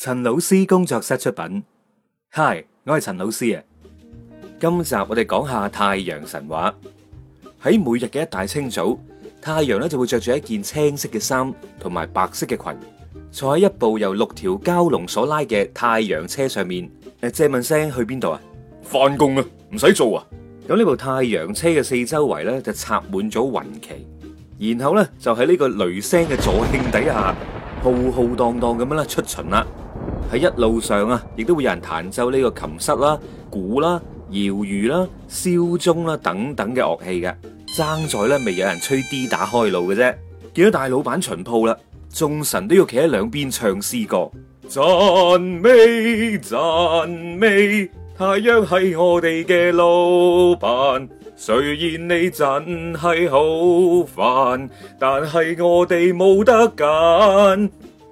陳老師工作室出品。Hi，我係陳老師啊。今集我哋講下太陽神話。喺每日嘅一大清早，太陽咧就會着住一件青色嘅衫同埋白色嘅裙，坐喺一部由六條蛟龍所拉嘅太陽車上面。誒，借問聲去邊度啊？翻工啊？唔使做啊？咁呢部太陽車嘅四周圍咧就插滿咗雲旗，然後咧就喺呢個雷聲嘅助興底下，浩浩蕩蕩咁樣咧出巡啦。喺一路上啊，亦都會有人彈奏呢個琴瑟啦、鼓啦、瑤魚啦、簫鐘啦等等嘅樂器嘅，爭在咧未有人吹 D 打開路嘅啫。見到大老闆巡鋪啦，眾神都要企喺兩邊唱詩歌，讚美讚美太陽係我哋嘅老闆，雖然你真係好煩，但係我哋冇得揀，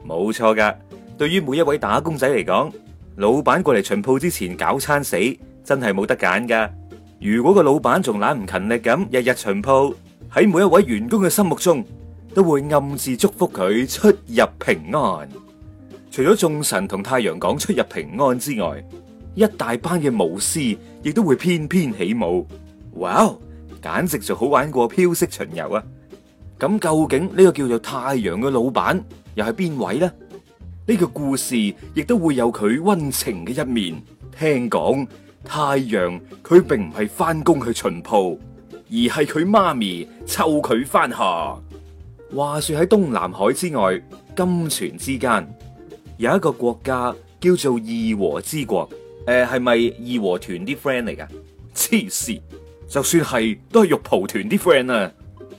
冇錯噶。對於每一位打工仔嚟講，老闆過嚟巡鋪之前搞餐死，真係冇得揀㗎。如果個老闆仲懶唔勤力咁，日日巡鋪，喺每一位員工嘅心目中都會暗自祝福佢出入平安。除咗眾神同太陽講出入平安之外，一大班嘅巫師亦都會翩翩起舞。哇，簡直就好玩過飄色巡遊啊！咁究竟呢個叫做太陽嘅老闆又係邊位呢？呢個故事亦都會有佢溫情嘅一面。聽講太陽佢並唔係翻工去巡鋪，而係佢媽咪湊佢翻學。話說喺東南海之外，金泉之間，有一個國家叫做義和之國。誒、呃，係咪義和團啲 friend 嚟噶？黐綫，就算係都係肉蒲團啲 friend 啊！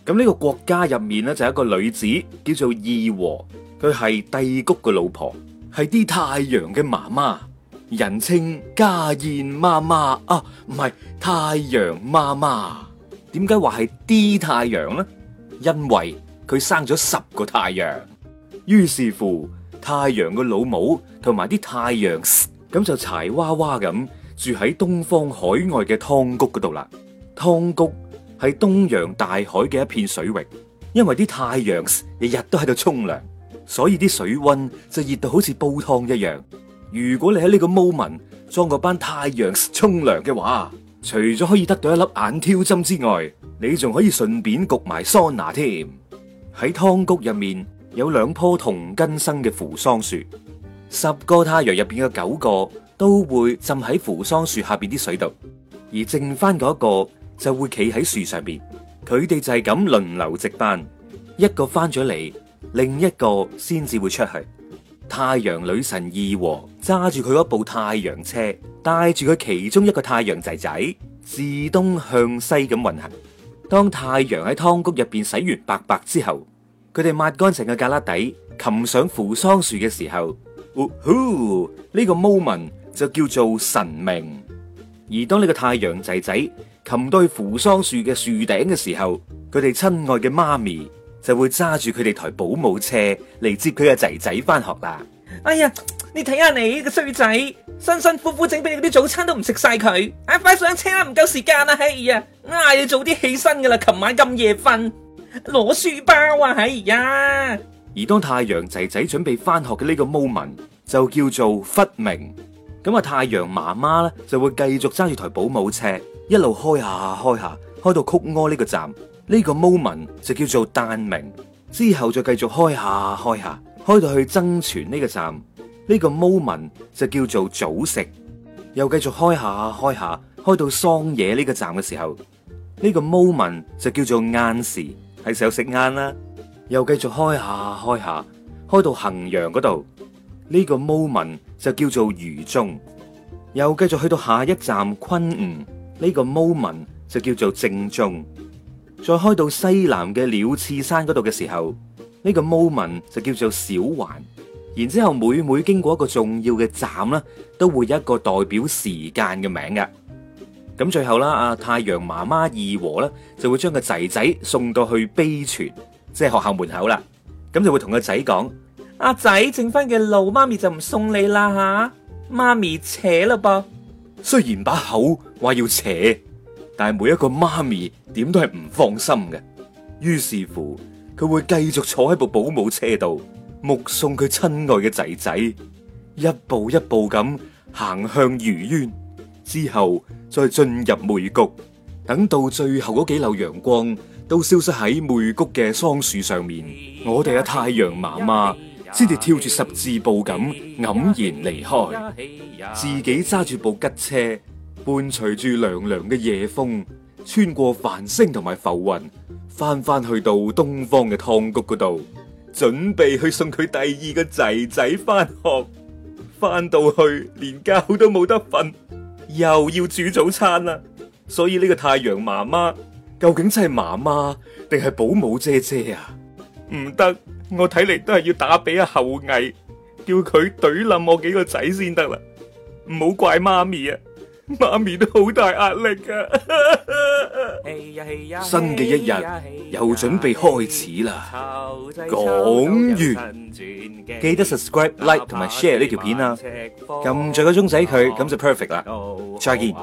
咁呢個國家入面咧就有、是、一個女子叫做義和。佢係帝谷嘅老婆，係啲太陽嘅媽媽，人稱家燕媽媽啊，唔係太陽媽媽。點解話係啲太陽呢？因為佢生咗十個太陽，於是乎太陽嘅老母同埋啲太陽咁就柴娃娃咁住喺東方海外嘅湯谷嗰度啦。湯谷係東洋大海嘅一片水域，因為啲太陽日日都喺度沖涼。所以啲水温就熱到好似煲湯一樣。如果你喺呢個 moment 裝個班太陽沖涼嘅話，除咗可以得到一粒眼挑針之外，你仲可以順便焗埋桑拿添。喺湯谷入面有兩棵同根生嘅扶桑樹，十個太陽入邊嘅九個都會浸喺扶桑樹下邊啲水度，而剩翻嗰個就會企喺樹上邊。佢哋就係咁輪流值班，一個翻咗嚟。另一個先至會出去。太陽女神羲和揸住佢嗰部太陽車，帶住佢其中一個太陽仔仔，自東向西咁運行。當太陽喺湯谷入邊洗完白白之後，佢哋抹乾淨嘅胳肋底，擒上扶桑樹嘅時候，呼！呢個 moment 就叫做神明。而當呢個太陽仔仔擒到扶桑樹嘅樹頂嘅時候，佢哋親愛嘅媽咪。就會揸住佢哋台保姆車嚟接佢嘅仔仔翻學啦。哎呀，你睇下你個衰仔，辛辛苦苦整俾你啲早餐都唔食晒佢。哎，快上車啦，唔夠時間啦，啊。哎呀，嗌你早啲起身噶啦，琴晚咁夜瞓，攞書包啊。哎呀，而當太陽仔仔準備翻學嘅呢個 moment 就叫做忽明。咁啊，太陽媽媽咧，就會繼續揸住台保姆車，一路開下開下，開下，開到曲安呢個站，呢個 moment 就叫做旦明，之後再繼續開下開下，開到去曾泉呢個站，呢、這個 moment 就叫做早食，又繼續開下開下，開到桑野呢個站嘅時候，呢、這個 moment 就叫做晏時，係時候食晏啦，又繼續開下開下，開到衡陽嗰度，呢、這個 moment 就叫做隅中，又繼續去到下一站昆吾。呢、這個 moment 就叫做正中。再開到西南嘅鳥翅山嗰度嘅時候，呢、這個 moment 就叫做小環。然之後每每經過一個重要嘅站啦，都會有一個代表時間嘅名嘅。咁、嗯、最後啦，阿太陽媽媽羲和啦就會將個仔仔送到去悲泉，即、就、係、是、學校門口啦。咁、嗯、就會同個仔講：阿、啊、仔，剩翻嘅路，媽咪就唔送你啦，吓、啊，媽咪扯嘞噃。雖然把口話要扯。但係每一個媽咪點都係唔放心嘅，於是乎佢會繼續坐喺部保姆車度，目送佢親愛嘅仔仔一步一步咁行向魚淵，之後再進入梅谷，等到最後嗰幾縷陽光都消失喺梅谷嘅桑樹上面，我哋嘅太陽媽媽先至跳住十字步咁黯然離開，七自己揸住部吉車，伴隨住涼涼嘅夜風，穿過繁星同埋浮雲，翻翻去到東方嘅湯谷嗰度，準備去送佢第二個仔仔翻學。翻到去連覺都冇得瞓，又要煮早餐啦。所以呢個太陽媽媽究竟真係媽媽定係保姆姐姐啊？唔得，我睇嚟都係要打俾阿后羿，叫佢懟冧我幾個仔先得啦。唔好怪媽咪啊！媽咪都好大壓力啊！新嘅一日又準備開始啦，講完記得 subscribe、like 同埋 share 呢條片啊，撳住個鐘仔佢，咁就 perfect 啦，再見。